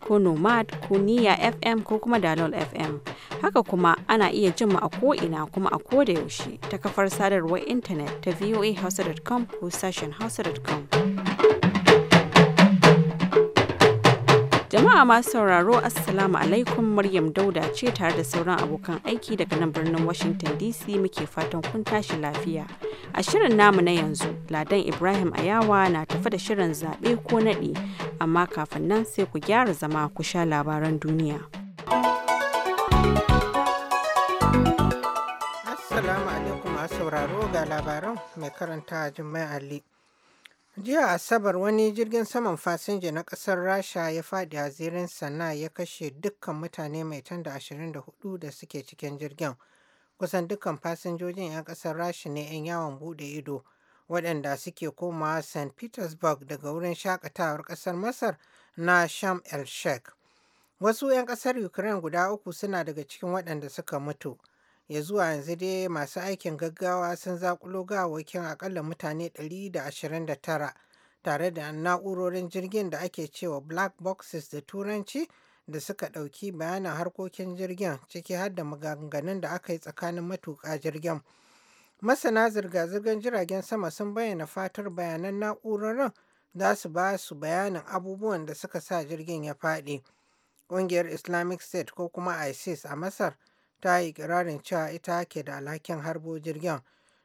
ko nomad ko niya fm ko kuma dalol fm haka kuma ana iya jin mu a ko'ina kuma a ko da yaushe ta kafar sadarwar intanet ta voa voahausa.com ko sashen hausa.com Jama'a masu sauraro Assalamu alaikum Maryam Dauda ce tare da sauran abokan aiki daga nan birnin Washington DC muke fatan kun tashi lafiya. A shirin namu na yanzu, Ladan Ibrahim Ayawa na tafi da shirin zaɓe ko naɗi, amma kafin nan sai ku gyara zama ku sha labaran duniya. Assalamu alaikum masu sauraro ga labaran mai karanta Jummai Ali. Jiya Asabar wani jirgin saman fasinja na ƙasar Rasha ya faɗi a zirin Sana'a ya kashe dukkan mutane mai tanda 24 da suke cikin jirgin. Kusan dukkan fasinjojin 'yan ƙasar Rasha ne 'yan yawon bude ido waɗanda suke koma St. Petersburg daga wurin shakatawar ƙasar Masar na Sham el-Sheikh. Wasu 'yan ƙasar Ukraine guda uku suna daga cikin waɗanda suka mutu. ya zuwa yanzu dai masu aikin gaggawa sun zakulo gawakin akalla mutane 129 tare da na'urorin jirgin da ake cewa black boxes da turanci da suka ɗauki bayanan harkokin jirgin ciki har da maganganun da aka yi tsakanin matuƙa jirgin masana zirga-zirgar jiragen sama sun bayyana fatar bayanan na'urorin za su ba su bayanin abubuwan da suka sa jirgin ya faɗi ƙungiyar islamic state ko kuma isis a masar ta yi ƙirarin cewa ita ke da alhakin harbo jirgin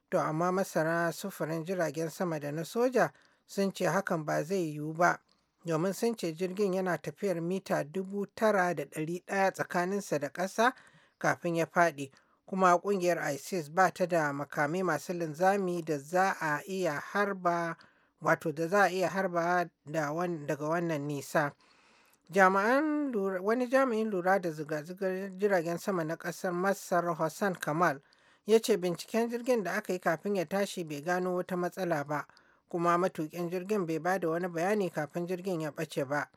to amma masana sufurin jiragen sama da na soja sun ce hakan ba zai yiwu ba domin sun ce jirgin yana tafiyar mita dubu tara da ɗari ɗaya tsakaninsa da ƙasa kafin ya faɗi kuma ƙungiyar isis ba ta da makamai masu linzami da za a iya harba wato da za a iya harba daga wannan nisa wani jami'in lura da zirga-zirgar jiragen sama na ƙasar masar hassan kamal ya ce binciken jirgin da aka yi kafin ya tashi bai gano wata matsala ba kuma matuƙin jirgin bai ba da wani bayani kafin jirgin ya ɓace ba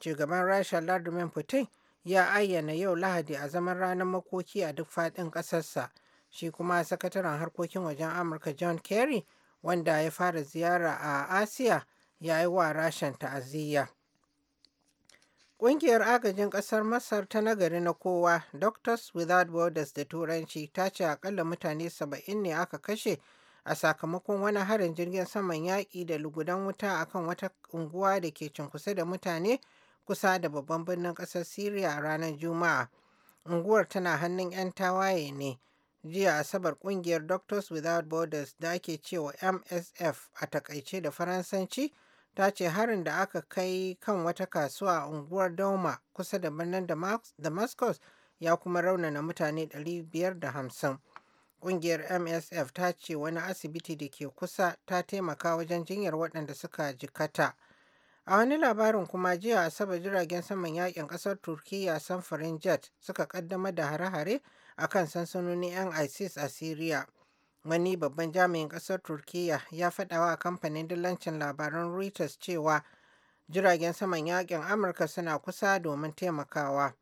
shugaban rasha ladumin putin ya ayyana yau lahadi a zaman ranar makoki a duk faɗin ƙasarsa shi kuma sakataren harkokin wajen amurka john kerry wanda ya fara ziyara a asiya ya yi wa rashin ta'aziyya Ƙungiyar agajin ƙasar Masar ta nagari na kowa, Doctors Without Borders da Turanci, ta ce akalla mutane saba'in ne aka kashe a sakamakon wani harin jirgin saman yaƙi da lugudan wuta a kan wata unguwa da ke cunkusa da mutane kusa da babban birnin ƙasar Siriya a ranar Juma'a. Unguwar tana hannun 'yan tawaye ne. Jiya Asabar ƙungiyar Doctors Without Borders da ake cewa MSF a takaice da Faransanci ta ce harin da aka kai kan wata kasuwa a unguwar doma kusa da birnin Damascus ya kuma raunana mutane 550. Ƙungiyar MSF ta ce wani asibiti da ke kusa ta taimaka wajen jinyar waɗanda suka jikata. A wani labarin kuma jiya Asabar jiragen saman yakin ƙasar Turkiyya samfurin jet suka ƙaddamar da hare-hare a kan sansanonin 'yan ISIS a Siriya. Wani babban jami'in ƙasar Turkiyya ya faɗawa a kamfanin dillancin labaran Reuters cewa jiragen saman yakin Amurka suna kusa domin taimakawa.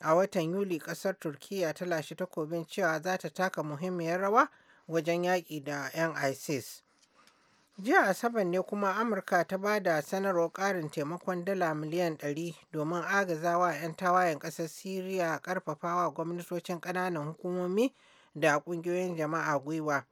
A watan Yuli ƙasar Turkiyya ta lashe takobin cewa za ta taka muhimmiyar rawa wajen yaƙi da 'yan ISIS. Jiya Asabar ne kuma Amurka ta ba da sanarwar ƙarin taimakon dala miliyan 100 domin agazawa 'yan tawayen ƙasar Siriya ƙarfafawa gwamnatocin ƙananan hukumomi da ƙungiyoyin jama'a gwiwa.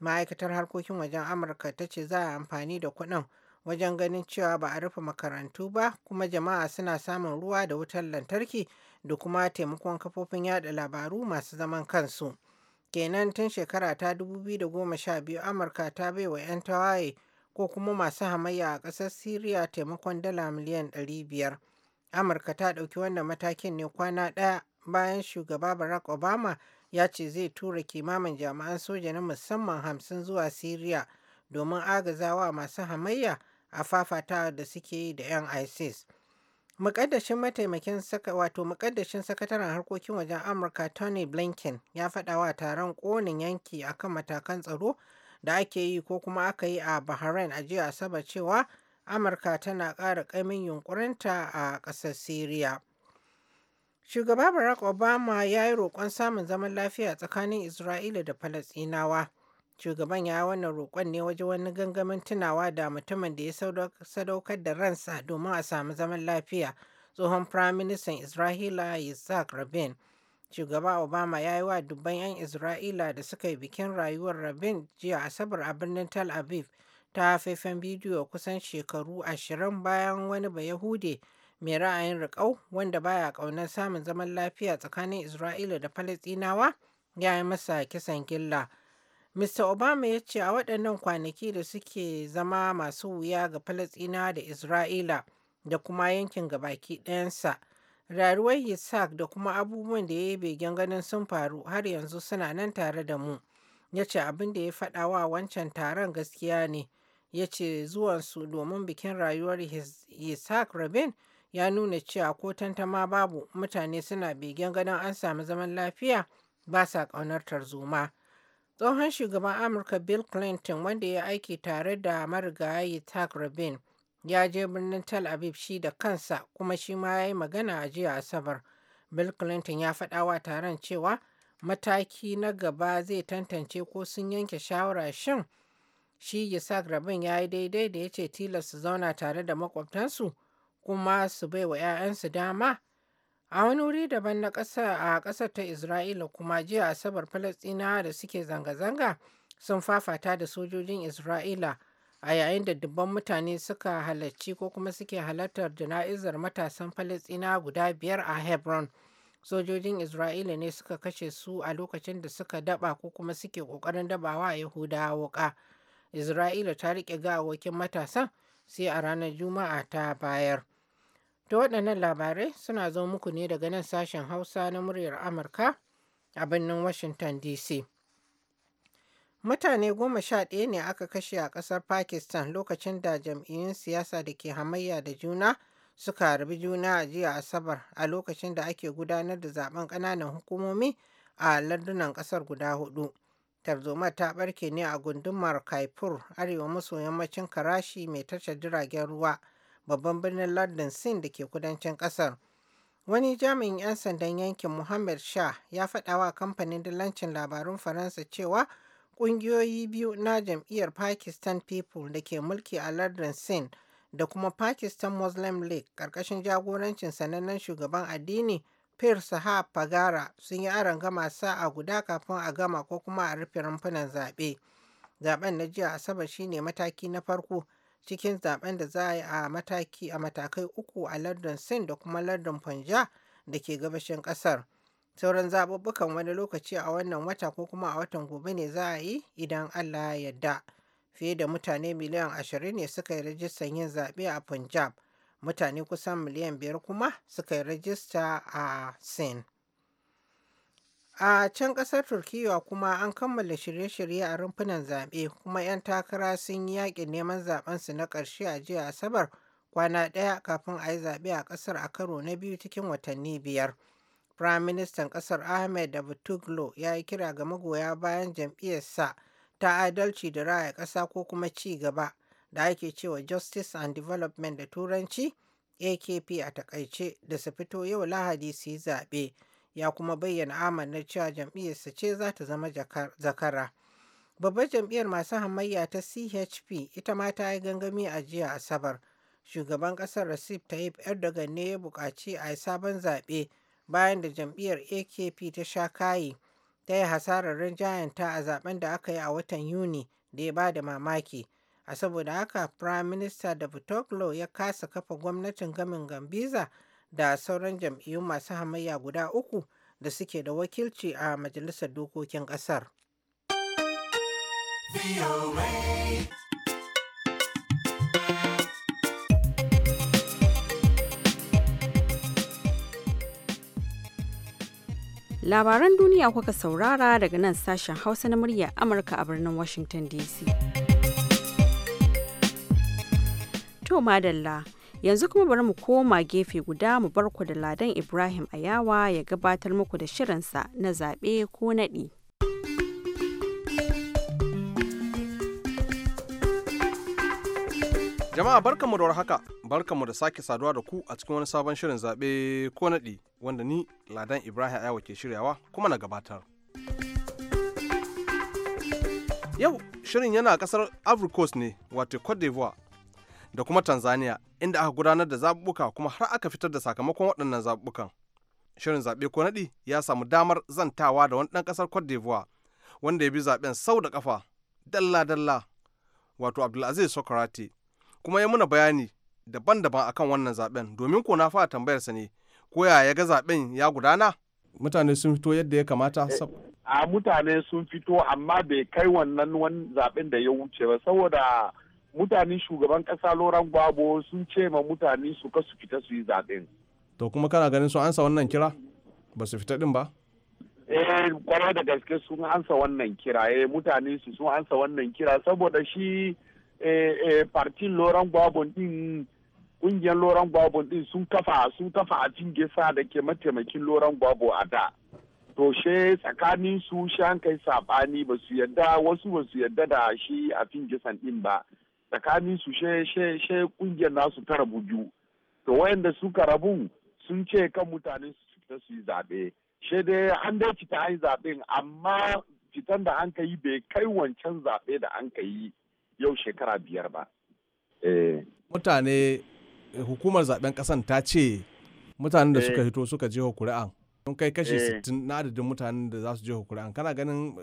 Ma'aikatar harkokin wajen Amurka ta ce za a amfani da kuɗin wajen ganin cewa ba a rufe makarantu ba kuma jama'a suna samun ruwa da wutar lantarki da kuma taimakon kafofin yada labaru masu zaman kansu. Kenan tun shekara ta 2012 Amurka ta bai wa 'yan tawaye ko kuma masu hamayya a ƙasar Siriya taimakon dala miliyan 500. Amurka ta ɗauki wannan matakin ne kwana ɗaya bayan shugaba Barack Obama ya ce zai tura kimamin jami'an soja na musamman hamsin zuwa Siriya domin agazawa masu hamayya a fafata da suke yi da 'yan ISIS. Mukaddashin mataimakin saka wato mukaddashin sakataren harkokin wajen Amurka Tony Blinken ya faɗa wa taron ƙonin yanki akan matakan tsaro da ake yi ko kuma aka yi a Bahrain a jiya Asabar cewa Amurka tana ƙara ƙaimin yunkurinta a ƙasar Siriya. Shugaba Barack Obama ya yi roƙon samun zaman lafiya tsakanin Isra'ila da Falasɗinawa. Shugaban ya wannan roƙon ne wajen wani gangamin tunawa da mutumin da ya sadaukar da ransa domin a samu zaman lafiya, tsohon Firaministan Isra'ila Yitzhak Rabin. Shugaba Obama ya yi wa dubban 'yan Isra'ila da suka yi bikin rayuwar Rabin jiya Asabar a birnin Tel Aviv ta faifan bidiyo kusan shekaru ashirin bayan wani Bayahude mai ra'ayin riƙau wanda baya ƙaunar samun zaman lafiya tsakanin Isra'ila da Falasɗinawa ya yi masa kisan gilla. Mr. Obama ya ce a waɗannan kwanaki da suke zama masu wuya ga Falasɗinawa da Isra'ila da kuma yankin gabaki ɗayansa. Rayuwar Yitzhak da kuma abubuwan da ya yi begen ganin sun faru har yanzu suna nan tare da mu. Ya ce abin da ya faɗa wa wancan taron gaskiya ne. Ya ce zuwansu domin bikin rayuwar Yitzhak Rabin ya nuna cewa ko tantama babu mutane suna begen ganin an samu zaman lafiya ba sa ƙaunar tarzoma. Tsohon shugaban Amurka Bill Clinton wanda ya aiki tare da marigayi Tag Rabin ya je birnin Tel Aviv shi da kansa kuma shi ma ya yi magana a jiya Asabar. Bill Clinton ya faɗa wa taron cewa mataki na gaba zai tantance ko sun yanke shawara shin shi Yisak Rabin ya yi daidai da ya ce tilas su zauna tare da makwabtansu kuma su bai wa 'ya'yansu dama? A wani wuri daban na ƙasa a ƙasar ta Isra'ila kuma jiya Asabar Falastina da suke zanga-zanga sun fafata da sojojin Isra'ila a yayin da dubban mutane suka halarci ko kuma suke halartar jana'izar matasan falastina guda biyar a Hebron. Sojojin Isra'ila ne suka kashe su a lokacin da suka daba ko kuma suke ƙoƙarin dabawa a Yahudawa wuƙa. Isra'ila ta riƙe gawakin matasan sai a ranar Juma'a ta bayar. Da waɗannan labarai suna zo muku ne daga nan sashen Hausa na muryar Amurka a birnin Washington DC. Mutane goma sha ɗaya ne aka kashe a ƙasar Pakistan lokacin da jam'iyyun siyasa da ke hamayya da juna suka harbi juna a jiya Asabar a lokacin da ake gudanar da zaben ƙananan hukumomi a lardunan ƙasar guda hudu. Tarzoma ta ɓarke ne a gundumar Kaipur, arewa maso yammacin Karashi mai tashar jiragen ruwa. babban birnin London Sin da ke kudancin kasar. Wani jami'in 'yan sandan yankin Mohammed Shah ya faɗa wa kamfanin dillancin labarun Faransa cewa ƙungiyoyi biyu na jam'iyyar Pakistan People da ke mulki a lardin Sin da kuma Pakistan Muslim League ƙarƙashin jagorancin sanannen shugaban addini Pir Sahab Pagara sun yi aron gama sa a guda kafin a gama ko kuma a rufe rumfunan zaɓe. Zaɓen na jiya Asabar shine mataki na farko cikin zaben da za a yi a mataki a matakai uku a lardin sin da kuma lardin punjab da ke gabashin kasar sauran zaɓuɓɓukan wani lokaci a wannan wata ko kuma a watan gobe ne za a yi idan allah ya yarda fiye da mutane miliyan ashirin ne suka yi rajistan yin zaɓe a punjab mutane kusan miliyan biyar kuma suka yi rajista a sin A can ƙasar Turkiyya kuma an kammala shirye-shirye a rumfunan zaɓe kuma 'yan takara sun yi yaƙin neman zaɓensu na ƙarshe a jiya Asabar kwana ɗaya kafin a yi zaɓe a ƙasar a karo na biyu cikin watanni biyar. Firayim Ministan ƙasar Ahmed Davutoglu ya yi kira ga magoya bayan jam'iyyarsa ta adalci da raya ƙasa ko kuma ci gaba da ake cewa Justice and Development da Turanci AKP a takaice da su fito yau Lahadi su yi zaɓe. ya kuma bayyana amanna cewa jam'iyyarsa ce za ta zama zakara. Babbar jam'iyyar masu hamayya ta CHP ita ma ta yi gangami a jiya Asabar. Shugaban ƙasar Recep Tayyip Erdogan ne ya buƙaci a yi sabon zaɓe bayan da jam'iyyar AKP ta sha kayi ta yi hasarar ta a zaben da aka yi a watan Yuni da ya ba da mamaki. a saboda haka prime minister da Davutoglu ya kasa kafa gwamnatin gamin gambiza da sauran jam'iyyun masu hamayya guda uku da suke da wakilci a majalisar dokokin ƙasar. Labaran duniya kuka saurara daga nan sashen Hausa na murya Amurka a birnin Washington DC. To madalla Yanzu kuma bari mu koma gefe guda mu bar ku da Ladan Ibrahim Ayawa ya gabatar muku da shirinsa na zaɓe ko naɗi. Jama'a barkanmu da warhaka, barkanmu da sake saduwa da ku a cikin wani sabon shirin zaɓe ko naɗi wanda ni Ladan Ibrahim Ayawa ke shiryawa kuma na gabatar. Yau shirin yana kasar Ivory ne wato Cote d'Ivoire da kuma tanzania inda aka gudanar da zaɓuɓɓuka kuma har aka fitar da sakamakon waɗannan zaɓuɓɓukan shirin zaɓe ko naɗi ya samu damar zantawa da wani ɗan ƙasar cote d'ivoire wanda ya bi zaɓen sau da ƙafa dalla-dalla wato abdulaziz sokarati kuma ya muna bayani daban-daban akan wannan zaɓen domin ko na fara sa ne ko ya ga zaɓen ya gudana mutane sun fito yadda ya kamata eh, a mutane sun fito amma bai kai wannan wani zaɓen da ya wuce ba saboda mutanen shugaban kasa loran gwabo sun ce ma mutane su ka su fita su yi zaɓen. to kuma kana ganin sun ansa wannan kira ba su fita din ba eh kwara da gaske sun ansa wannan kira eh mutane su sun ansa wannan kira saboda shi eh, eh partin loran gwabo din kungiyar loran gwabo din sun kafa sun kafa a cingesa da ke mataimakin loran gwabo a da to she tsakanin su shan kai sabani ba su yadda wasu ba su yadda da shi a fingisan din ba tsakanin su she she she kungiyar nasu ta rabu biyu to wayanda suka rabu sun ce kan mutane su fita su yi zaɓe she dai an dai fita an yi zaɓen amma fitan da an ka yi bai kai wancan zabe da an ka yi yau shekara biyar ba. Eh. Mutane hukumar zaben kasan ta ce mutanen da suka eh. hito suka je kuri'an sun kai kashi 60 eh. na adadin mutanen da za su je kuri'an kana ganin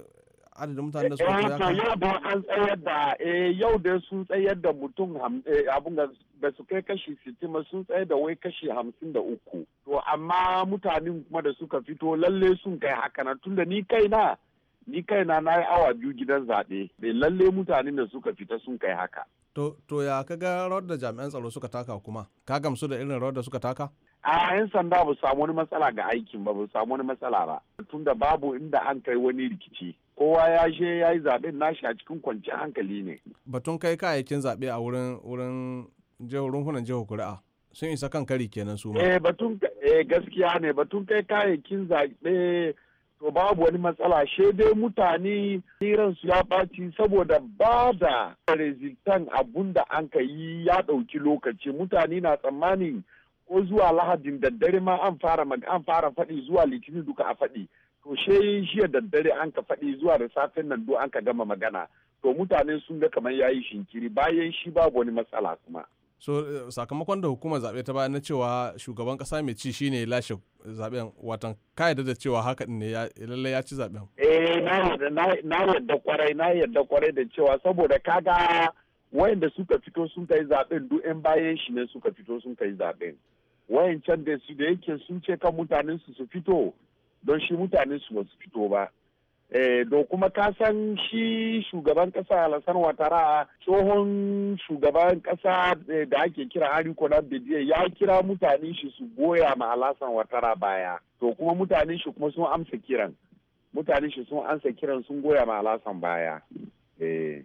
adadin mutanen da eh, suka koya kan yau da an tsayar da eh, yau da sun tsayar da mutum eh, abun da su kai kashi sittin ba sun tsayar da wai kashi hamsin da uku to amma mutanen kuma da suka fito lalle sun kai haka na tunda ni kaina ni kaina na yi awa biyu gidan zaɓe lalle mutanen da suka fita sun kai haka To, to ya ga rawar da jami'an tsaro suka taka kuma? Ka gamsu da irin rawar da suka taka? A 'yan sanda ba su samu wani matsala ga aikin ba, ba su samu wani matsala ba. tunda babu inda an kai wani rikici kowa ya je ya yi zaɓen nashi a cikin kwanciyar hankali ne batun kai kayayyakin zaɓe a wurin wurin rumfunan jihar kuri'a sun isa kan kari kenan su ma eh, batun eh, gaskiya ne batun kai kayayyakin zaɓe to babu wani matsala she dai mutane su ya ɓaci saboda ba da resultan abun da an ka yi ya ɗauki lokaci mutane na tsammanin ko zuwa lahadin daddare ma an fara an fara faɗi zuwa litinin duka a faɗi to she jiya daddare an ka faɗi zuwa da safen nan duk an ka gama magana to mutane sun ga kamar yayi shinkiri bayan shi babu wani matsala kuma so eh, sakamakon da hukumar zaɓe ta bayar na cewa shugaban ƙasa mai ci shine lashe zaɓen watan ka yadda da cewa haka ne lalle ya ci zaɓen eh na yadda kwarai na yadda kwarai da cewa saboda kaga wayanda suka fito sun kai zaɓen duk 'yan bayan shi ne suka fito sun kai zaɓen wayancan da su da yake sun ce kan mutanen su su fito don shi mutanen su ba su fito ba eh, do kuma ka san shi shugaban kasa alasan watara tsohon shugaban kasa eh, da ake kira aliko na ya kira mutanen shi su goya ma alasan watara baya to kuma mutanen shi kuma sun amsa kiran mutanen shi sun amsa kiran sun goya ma alasan baya eh.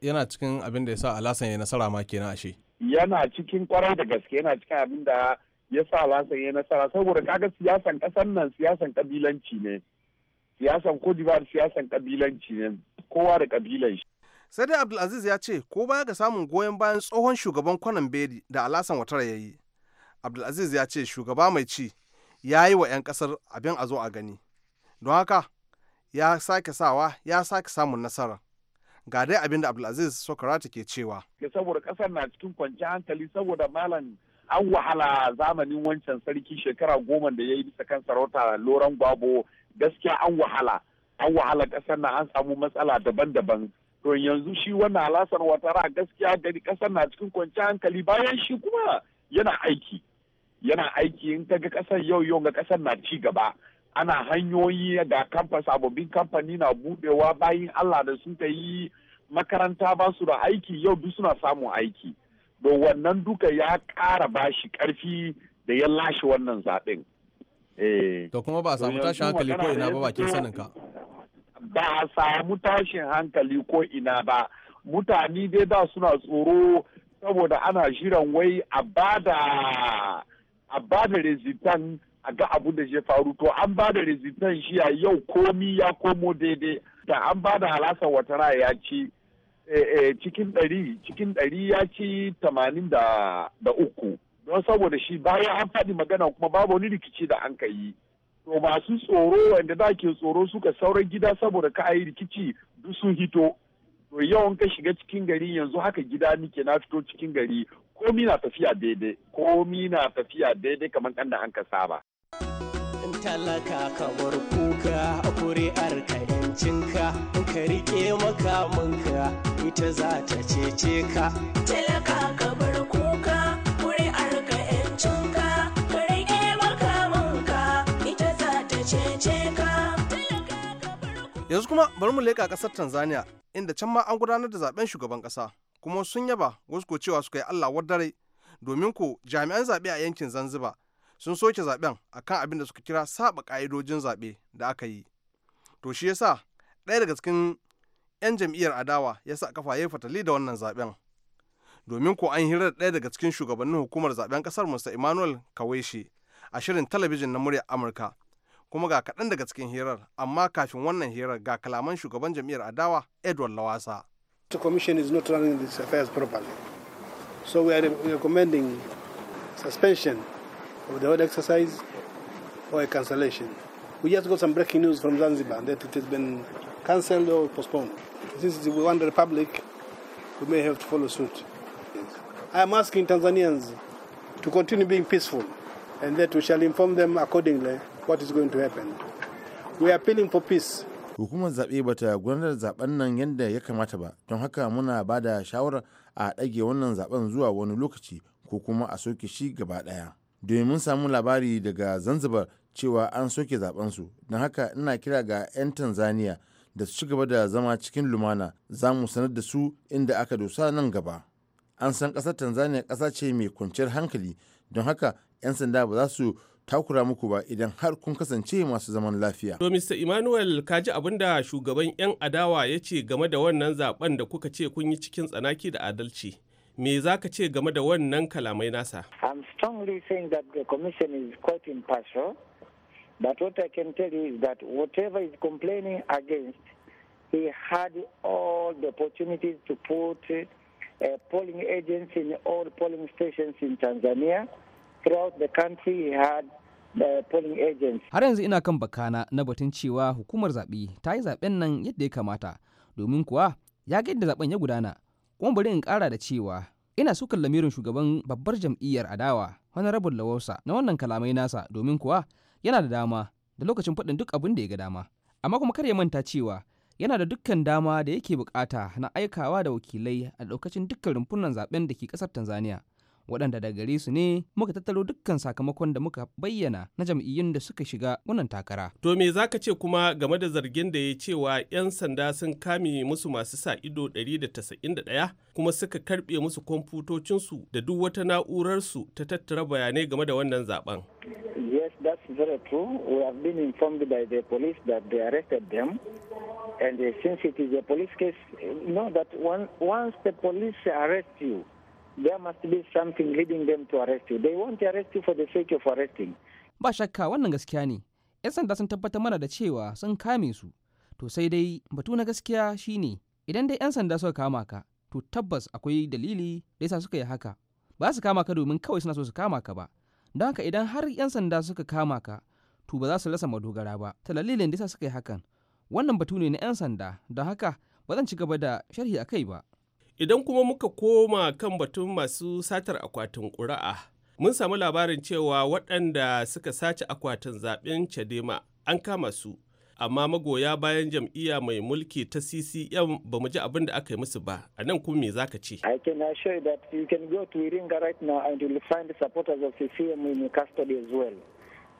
yana cikin abin da ya sa alasan ya nasara ma kenan ashe yana cikin kwarai da gaske yana cikin abin da ya sa lasan ya nasara saboda kaga siyasan kasar nan siyasan kabilanci ne siyasan kodibar siyasan kabilanci ne kowa da kabilan shi sai dai abdulaziz ya ce ko baya ga samun goyon bayan tsohon shugaban kwanan beri da alasan watara ya yi abdulaziz ya ce shugaba mai ci ya yi wa 'yan kasar abin a zo a gani don haka ya sake sawa ya sake samun nasara ga dai abin da abdulaziz sokarati ke cewa saboda kasar na cikin kwanciyar hankali saboda malam an wahala zamanin wancan sarki shekara goma da ya yi bisa kan sarauta loran gwabo gaskiya an wahala an wahala kasar na an samu matsala daban-daban to yanzu shi wannan alasar watara gaskiya gari kasar na cikin kwanciyar hankali bayan shi kuma yana aiki yana aiki in ta ga kasar yau yau ga kasar na ci gaba ana hanyoyi da kamfas sababbin kamfani na budewa bayan allah da sun ta yi makaranta ba su da aiki yau duk suna samun aiki don wannan duka ya ƙara bashi ƙarfi da ya lashe wannan zaɓen. Eh. To kuma ba a samu tashin hankali ko ina ba bakin sanin ka. Ba a samu tashin hankali ko ina ba. Mutane dai da suna tsoro saboda ana shirin wai a bada a bada a ga abu da ya faru to an ba da rezitan shi a yau komi ya komo daidai da an ba da halasa watara ya ci eh, eh, cikin ɗari cikin ɗari ya ci tamanin da uku don saboda shi baya an faɗi magana kuma babu wani rikici da an ka yi to masu tsoro wanda da ke tsoro suka sauran gida saboda ka a yi rikici duk sun hito to yawan ka shiga cikin gari yanzu haka gida nike na fito cikin gari komi na tafiya daidai komi na tafiya daidai kamar kanda an ka saba talaka ka bar kuka kuri'ar ka yancinka in ka rike ita za ta cece ka talaka ka kuka kuri'ar ka yancinka ka rike makamanka ita za ta cece ka yanzu kuma bar mu leƙa ƙasar tanzania inda can ma an gudanar da zaben shugaban ƙasa kuma sun yaba wasu ko cewa suka yi allah wadare domin ko jami'an zaɓe a yankin zanzibar sun soke zaben kan abin da suka kira saba ka'idojin zaɓe da aka yi to shi yasa ɗaya daga cikin 'yan jam'iyyar adawa ya sa kafa ya yi fatali da wannan zaben domin ko an hirar ɗaya daga cikin shugabannin hukumar zaben kasar musa emmanuel kaweshi a shirin talabijin na murya amurka kuma ga kaɗan daga cikin hirar amma kafin wannan hirar ga kalaman shugaban jam'iyyar adawa edward lawasa the commission is not running these affairs properly so we are recommending suspension of the whole exercise or a cancellation. We just got some breaking news from Zanzibar that it has been cancelled or postponed. Since we want the republic, we may have to follow suit. I am asking Tanzanians to continue being peaceful and that we shall inform them accordingly what is going to happen. We are appealing for peace. Hukumar zaɓe ba ta gudanar zaɓen nan yadda ya kamata ba, don haka muna ba da shawarar a ɗage wannan zaɓen zuwa wani lokaci ko kuma a soke shi gaba ɗaya. domin mun samu labari daga zanzibar cewa an soke zabensu don haka ina kira ga 'yan tanzania da su ci gaba da zama cikin lumana za mu sanar da su inda aka dosa nan gaba an san ƙasar tanzania ƙasa ce mai kwanciyar hankali don haka 'yan sanda ba za su takura muku ba idan har kun kasance masu zaman lafiya. To Mr. Emmanuel ka ji abin da shugaban 'yan adawa ya ce game da wannan zaben da kuka ce kun yi cikin tsanaki da adalci. Me za ka ce game da wannan kalamai nasa? I'm strongly saying that the commission is quite impartial. But what I can tell you is that whatever is complaining against, he had all the opportunities to put a uh, polling agents in all polling stations in Tanzania. Throughout the country, he had the uh, polling agents. Har yanzu ina kan bakana na batun cewa hukumar zaɓe ta yi zaɓen nan yadda ya kamata, domin kuwa ya ga yadda zaɓen ya gudana. kuma bari in ƙara da cewa ina sukan lamirin shugaban babbar jam'iyyar adawa honorable lawarsa na wannan kalamai nasa domin kuwa yana da dama da lokacin faɗin duk abin da ya ga dama amma kuma kar ya manta cewa yana da dukkan dama da yake bukata na aikawa da wakilai a lokacin dukkan rumfunan zaben da ke ƙasar tanzania waɗanda daga gare su ne muka tattaro dukkan sakamakon da muka bayyana na jam'iyyun da suka shiga wannan takara. To me za ka ce kuma game da zargin da ya cewa 'yan sanda sun kame musu masu sa ido 191 kuma suka karɓe musu kwamfutocinsu da duk wata na'urarsu ta tattara bayanai game da wannan zaben. Yes, that's very true. We have been informed by the police that they arrested them. And uh, since it is a police case, you know that one, once the police arrest you, there must be something leading them to arrest you. They want to arrest you for the sake of arresting. Ba shakka wannan gaskiya ne. 'Yan sanda sun tabbatar mana da cewa sun kame su. To sai dai batu na gaskiya shine idan dai 'yan sanda suka kama ka, to tabbas akwai dalili da yasa suka yi haka. Ba su kama ka domin kawai suna so su kama ka ba. Don haka idan har 'yan sanda suka kama ka, to ba za su rasa madogara ba. Ta dalilin da yasa suka yi hakan. Wannan batu ne na 'yan sanda, don haka ba zan ci gaba da sharhi a kai ba. Idan kuma muka koma kan batun masu satar akwatin ƙuri'a, mun samu labarin cewa waɗanda suka sace akwatin zaɓen Chadema an kama su, amma magoya bayan jam'iyya mai mulki ta CCM ba mu ji abin da aka yi musu ba, a nan kuma me za ka ce? I can assure you that you can go to Iringa right now and you'll find the supporters of CCM in custody as well.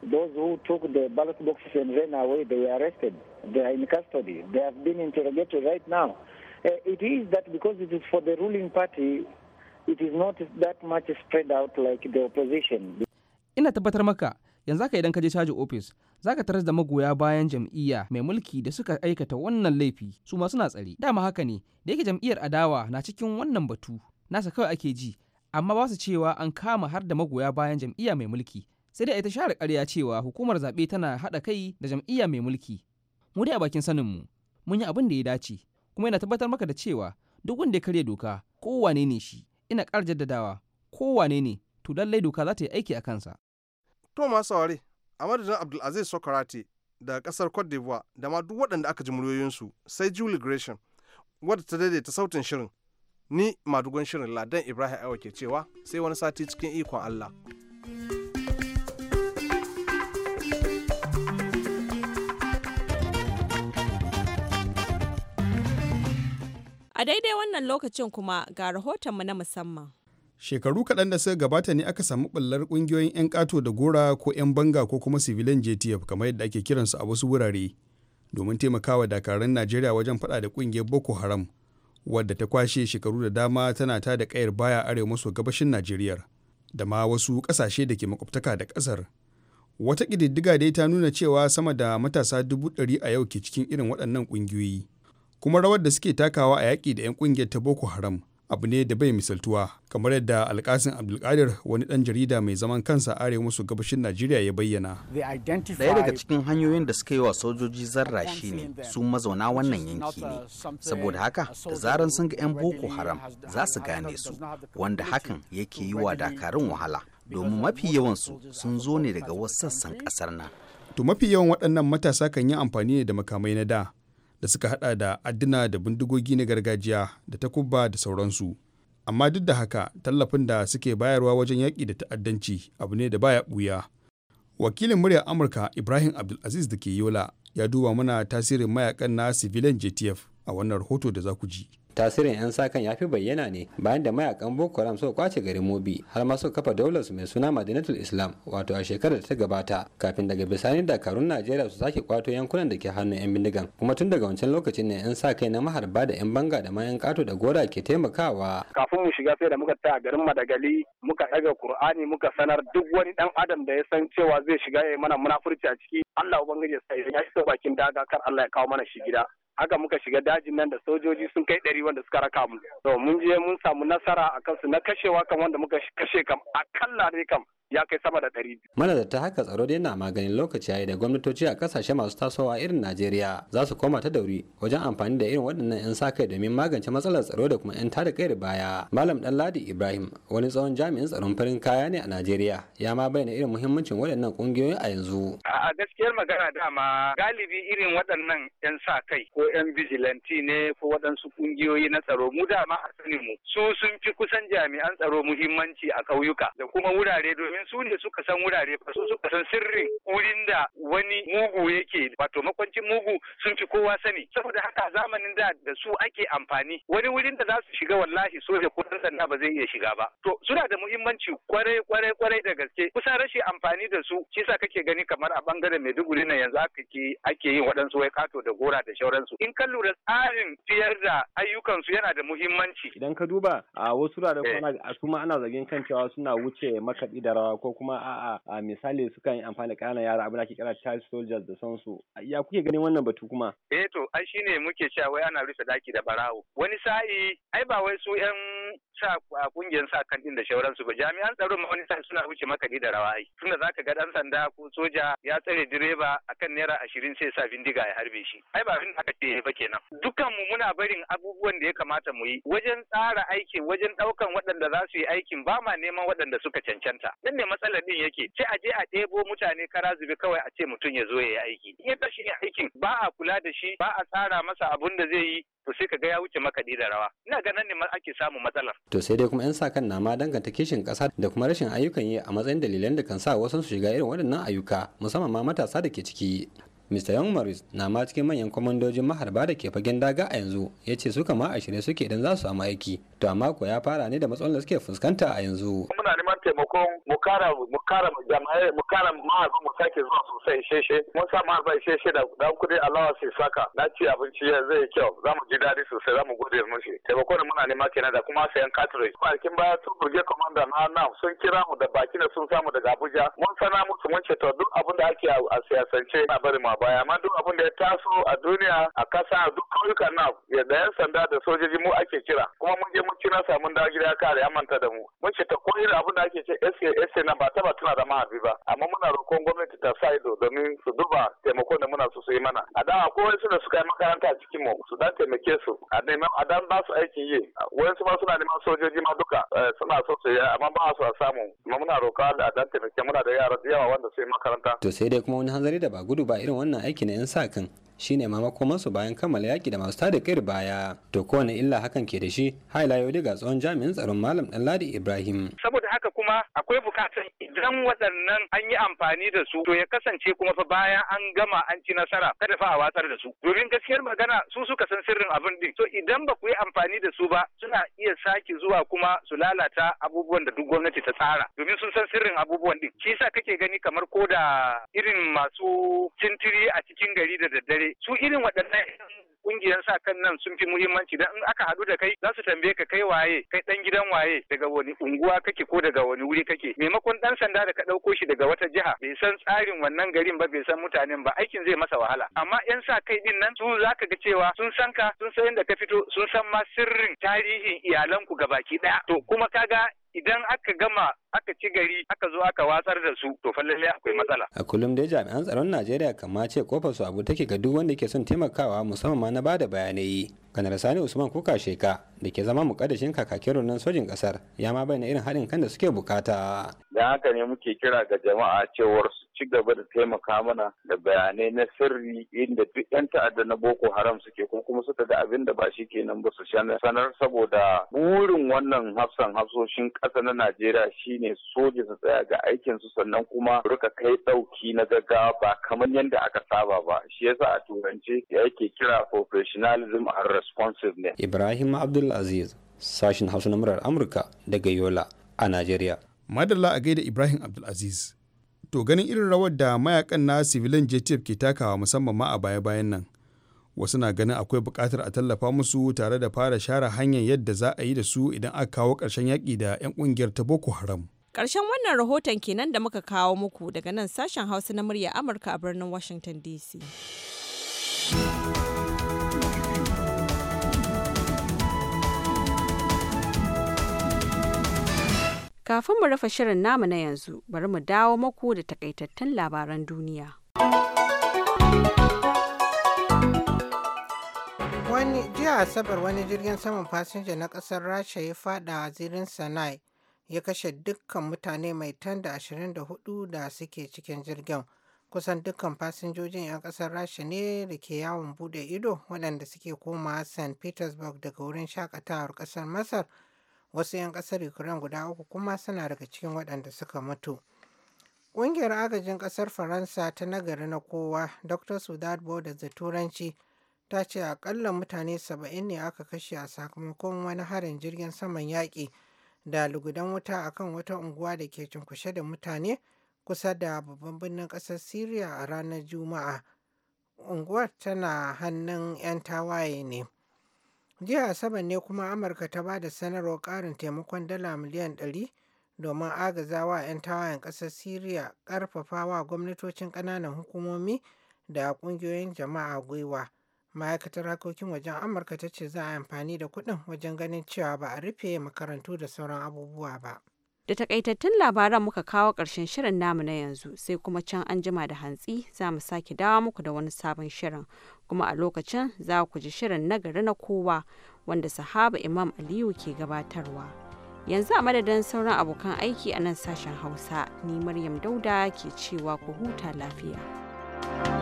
those who took the ballot boxes and ran away, they were arrested. They are in custody. They have been interrogated right now. Uh, it is that because it is for the ruling party, it is not that much spread out like the opposition. Ina tabbatar maka yanzu ka idan ka je caji ofis za ka taras da magoya bayan jam'iyya mai mulki da suka aikata wannan laifi su ma suna tsare dama haka ne da yake jam'iyyar adawa na cikin wannan batu nasa kawai ake ji amma ba su cewa an kama har da magoya bayan jam'iyya mai mulki sai dai ita share ƙarya cewa hukumar zaɓe tana haɗa kai da jam'iyya mai mulki mu dai a bakin sanin mu mun yi abin da ya dace kuma yana tabbatar maka da cewa duk wanda ya karya doka kowane ne shi ina ƙara jaddadawa kowane ne to lallai doka za ta yi aiki a kansa. To masu amadu a madadin Abdulaziz Sokarate daga kasar Cote d'Ivoire da ma duk waɗanda aka ji muryoyinsu sai Julie Gresham wadda ta daidaita sautin shirin. Ni madugon shirin Ladan Ibrahim Aiwa ke cewa sai wani sati cikin ikon Allah. A daidai wannan lokacin kuma ga rahotonmu na musamman. Shekaru kaɗan da suka gabata ne aka samu ɓullar ƙungiyoyin 'yan ƙato da gora ko 'yan banga ko kuma civilian JTF kamar yadda ake kiransu a wasu wurare domin taimakawa dakarun Najeriya wajen faɗa da ƙungiyar Boko Haram wadda ta kwashe shekaru da dama tana ta da ƙayar baya arewa maso gabashin Najeriya da ma wasu ƙasashe da ke makwabtaka da ƙasar. Wata ƙididdiga dai ta nuna cewa sama da matasa dubu ɗari a yau ke cikin irin waɗannan ƙungiyoyi. kuma rawar da suke takawa a yaƙi da 'yan ƙungiyar ta boko haram abu ne da bai misaltuwa kamar yadda alƙasin abdulkadir wani ɗan jarida mai zaman kansa arewa maso gabashin najeriya ya bayyana daya daga cikin hanyoyin da suka yi wa sojoji zarra shi ne su mazauna wannan yanki ne uh, saboda haka da zaran sun ga 'yan boko haram za su gane su wanda hakan yake yi wa dakarun wahala domin mafi yawansu sun zo ne daga wasu sassan kasar nan to mafi yawan waɗannan matasa kan yi amfani ne da makamai na da da suka hada da adduna da bindigogi na gargajiya da takubba da sauransu amma duk da haka tallafin da suke bayarwa wajen yaƙi da ta'addanci abu ne da baya ɓuya wakilin muryar amurka ibrahim abdulaziz da ke yola ya duba mana tasirin mayakan na civilian jtf a wannan rahoto da za ku ji tasirin 'yan sakan ya fi bayyana ne bayan da mayakan boko haram suka kwace garin mobi har ma suka kafa daular su mai suna madinatul islam wato a shekarar da ta gabata kafin daga bisani dakarun najeriya su sake kwato yankunan da ke hannun 'yan bindigan kuma tun daga wancan lokacin ne 'yan sa kai na maharba da 'yan banga da ma 'yan kato da gora ke taimakawa kafin mu shiga sai da muka taya garin madagali muka daga kur'ani muka sanar duk wani dan adam da ya san cewa zai shiga ya mana munafurci a ciki allah ubangiji ya sa ya shiga bakin daga kar allah ya kawo mana shi gida haka muka shiga dajin nan da sojoji sun kai ɗari wanda suka raka mu to mun je mun samu nasara a kansu na kashewa kan wanda muka kashe kam akalla ne kam ya kai sama da ɗari biyu. Manazarta haka tsaro dai na maganin lokaci yayi da gwamnatoci a kasashe masu tasowa irin Najeriya za su koma ta dauri wajen amfani da irin waɗannan 'yan sa-kai domin magance matsalar tsaro da kuma 'yan tada kai da baya. Malam Ɗanladi Ibrahim wani tsawon jami'in tsaron farin kaya ne a Najeriya ya ma bayyana irin muhimmancin waɗannan ƙungiyoyi a yanzu. A gaskiyar magana dama galibi irin waɗannan 'yan sa-kai ko 'yan bijilanti ne ko waɗansu ƙungiyoyi na tsaro mu dama a sani mu su sun fi kusan jami'an tsaro muhimmanci a ƙauyuka da kuma wurare domin don su ne suka san wurare fa su suka san sirrin wurin da wani mugu yake wato makwancin mugu sun fi kowa sani saboda haka zamanin da da su ake amfani wani wurin da za su shiga wallahi soja ko dan sanda ba zai iya shiga ba to suna da muhimmanci kwarai kwarai kwarai da gaske kusa rashin amfani da su shi yasa kake gani kamar a bangaren Maiduguri na yanzu aka ke ake yin waɗansu wai kato da gora da shauransu in ka lura tsarin fiyar da ayyukansu yana da muhimmanci idan ka duba a wasu da eh. kwana ana zargin kan cewa suna wuce makaɗi da rawa ko kuma a'a a misali sukan yi amfani da ƙananan yara abin da ake kira child soldiers da sansu ya kuke ganin wannan batu kuma eh to ai shine muke cewa wai ana rufe daki da barawo wani sa'i ai ba wai su yan sa a kungiyar sa kan din da shauransu ba jami'an tsaro ma wani sai suna wuce makaɗi da rawa ai tunda zaka ga dan sanda ko soja ya tsare direba akan naira ashirin sai sa bindiga ya harbe shi ai ba abin aka ce ba kenan dukkan mu muna barin abubuwan da ya kamata mu yi wajen tsara aikin wajen ɗaukan waɗanda za su yi aikin ba ma neman waɗanda suka cancanta nan ne matsalar din yake sai a je a debo mutane kara zube kawai a ce mutum ya zo ya yi aiki in ya tashi aikin ba a kula da shi ba a tsara masa abun da zai yi to sai ka ga ya wuce makadi da rawa ina ganin ne ake samun matsalar to sai dai kuma 'yan sa kan na ma danganta kishin kasa da kuma rashin ayyukan yi a matsayin dalilan da kan sa wasu su shiga irin waɗannan ayyuka musamman ma matasa da ke ciki Mr. Young Morris na ma cikin manyan kwamandojin maharba da ke fagen daga a yanzu ya ce suka ma a shirye suke idan za su samu aiki. To amma ko ya fara ne da matsalolin da suke fuskanta a yanzu. Muna neman taimakon mu kara mu kara jami'ai mu kara maharba mu sake zuwa sosai sheshe. Mun sa maharba sheshe da dan kudi Allah su saka na ci abinci ya zai kyau za mu ji daɗi sosai za mu gode mushi. Taimakon da muna nema kenan da kuma sayan cartridge. Kwanakin baya sun burge kwamandan na sun kira mu da baki da sun samu daga Abuja. Mun sana musu mun ce to duk abin da ake a siyasance na bari ma baya amma duk abin da ya taso a duniya a kasa duk kauyuka na da yan sanda da sojoji mu ake kira kuma mun je mun kira samun da gida kare da manta da mu mun ce ta koyi abin da ake ce SA na ba taba tuna da mahabi ba amma muna roƙon gwamnati ta sa ido domin su duba taimakon da muna so su yi mana a da akwai su da suka yi makaranta a cikin mu su dan taimake su a neman a dan ba su aikin yi wayansu ma suna neman sojoji ma duka eh, suna so su yi amma ba su a samu amma muna roƙa da dan taimake muna da yara da yawa wanda su yi makaranta to sai dai kuma wani hanzari da ba gudu ba irin wannan aiki na 'yan sa kan ne mamakon makomansu bayan kammala yaƙi da masu tada kai baya to kowane illa hakan ke da shi hailayo daga tsohon jami'in tsaron malam ladi ibrahim saboda kuma akwai bukatar idan waɗannan an yi amfani da su to ya kasance kuma fa bayan an gama an ci nasara kada fa a watsar da su domin gaskiyar magana su suka san sirrin abin din to idan ba ku yi amfani da su ba suna iya sake zuwa kuma su lalata abubuwan da duk gwamnati ta tsara domin sun san sirrin abubuwan din shi yasa kake gani kamar ko da irin masu cintiri a cikin gari da daddare su irin waɗannan kungiyar sa kan nan sun fi muhimmanci dan in aka haɗu da kai za su tambaye ka kai waye kai dan gidan waye daga wani unguwa kake ko daga wani wuri kake maimakon dan sanda da ka ɗauko shi daga wata jiha bai san tsarin wannan garin ba bai san mutanen ba aikin zai masa wahala amma yan sa kai din nan su ka ga cewa sun san ka sun san inda ka fito sun san ma sirrin tarihin iyalanku gabaki ɗaya to kuma kaga idan aka gama aka ci gari aka zo aka watsar da su to fa lallai akwai matsala a kullum dai jami'an tsaron Najeriya kamar ce kofar su abu take ga duk wanda ke son taimakawa musamman ma na bada bayanai kanar Sani Usman Kuka Sheka da ke zama mukaddashin kakakin rundunar sojin kasar ya ma bayyana irin haɗin kan da suke bukata da haka ne muke kira ga jama'a cewar ci gaba da taimaka mana da bayanai na sirri inda duk 'yan ta'adda na Boko Haram suke ko kuma suka ga abin da ba shi kenan ba su sanar saboda burin wannan hafsan hafsoshin ƙasa na Najeriya shine soja su tsaya ga aikin su sannan kuma rika kai ɗauki na gaggawa ba kamar yadda aka saba ba shi yasa a turance ya yake kira professionalism and responsiveness. Ibrahim Abdulaziz sashin Hausa na murar Amurka daga Yola a Najeriya. Madalla a gaida Ibrahim Abdulaziz. to ganin irin rawar da mayakan na civilian jtf ke takawa musamman ma a baya-bayan nan wasu na ganin akwai bukatar a tallafa musu tare da fara share hanyar yadda za a yi da su idan aka kawo ƙarshen yaƙi da 'yan ƙungiyar ta boko haram ƙarshen wannan rahoton kenan da muka kawo muku daga nan sashen hausa na murya amurka a birnin washington dc Kafin mu rufe shirin namu na yanzu, bari mu dawo maku da takaitattun labaran duniya. Wani jiya Asabar wani jirgin saman fasinja na ƙasar Rasha ya fada a zirin Sanai ya kashe dukkan mutane mai tan da 24 da suke cikin jirgin. Kusan dukkan fasinjojin 'yan ƙasar Rasha ne da ke yawon bude ido waɗanda suke koma St. Petersburg daga wurin shakatawar ƙasar Masar wasu 'yan ƙasar ukraine guda uku kuma suna daga cikin waɗanda suka mutu ƙungiyar agajin ƙasar faransa ta nagari na kowa dr sudad borders da turanci ta ce akalla mutane 70 ne aka kashe a sakamakon wani harin jirgin saman yaƙi da lugudan wuta akan wata unguwa da ke cunkushe da mutane kusa da babban birnin ƙasar syria a ranar juma'a unguwar tana hannun 'yan tawaye ne. jiya asabar ne kuma amurka ta ba da sanarwar ƙarin taimakon dala miliyan 100 domin agazawa 'yan tawayen ƙasar syria ƙarfafawa gwamnatocin ƙananan hukumomi da ƙungiyoyin jama'a gwiwa ma'aikatar harkokin wajen amurka ta ce za a amfani da kuɗin wajen ganin cewa ba a rufe makarantu da sauran abubuwa ba da takaitattun labaran muka kawo ƙarshen shirin namu na yanzu sai kuma can anjima da hantsi za mu sake dawo muku da wani sabon shirin kuma a lokacin za ku ji shirin nagari na kowa wanda sahaba imam aliyu ke gabatarwa yanzu a madadin sauran abokan aiki a nan sashen hausa ni maryam dauda ke cewa ku huta lafiya. thank